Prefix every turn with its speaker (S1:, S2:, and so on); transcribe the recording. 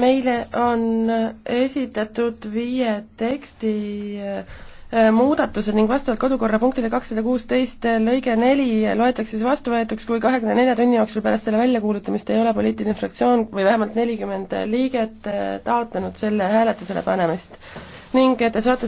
S1: meile on esitatud viie teksti äh, muudatused ning vastavalt kodukorra punktile kakssada kuusteist äh, lõige neli äh, loetakse siis vastuvõetuks, kui kahekümne nelja tunni jooksul pärast selle väljakuulutamist ei ole poliitiline fraktsioon või vähemalt nelikümmend liiget taotlenud selle hääletusele panemist ning te saate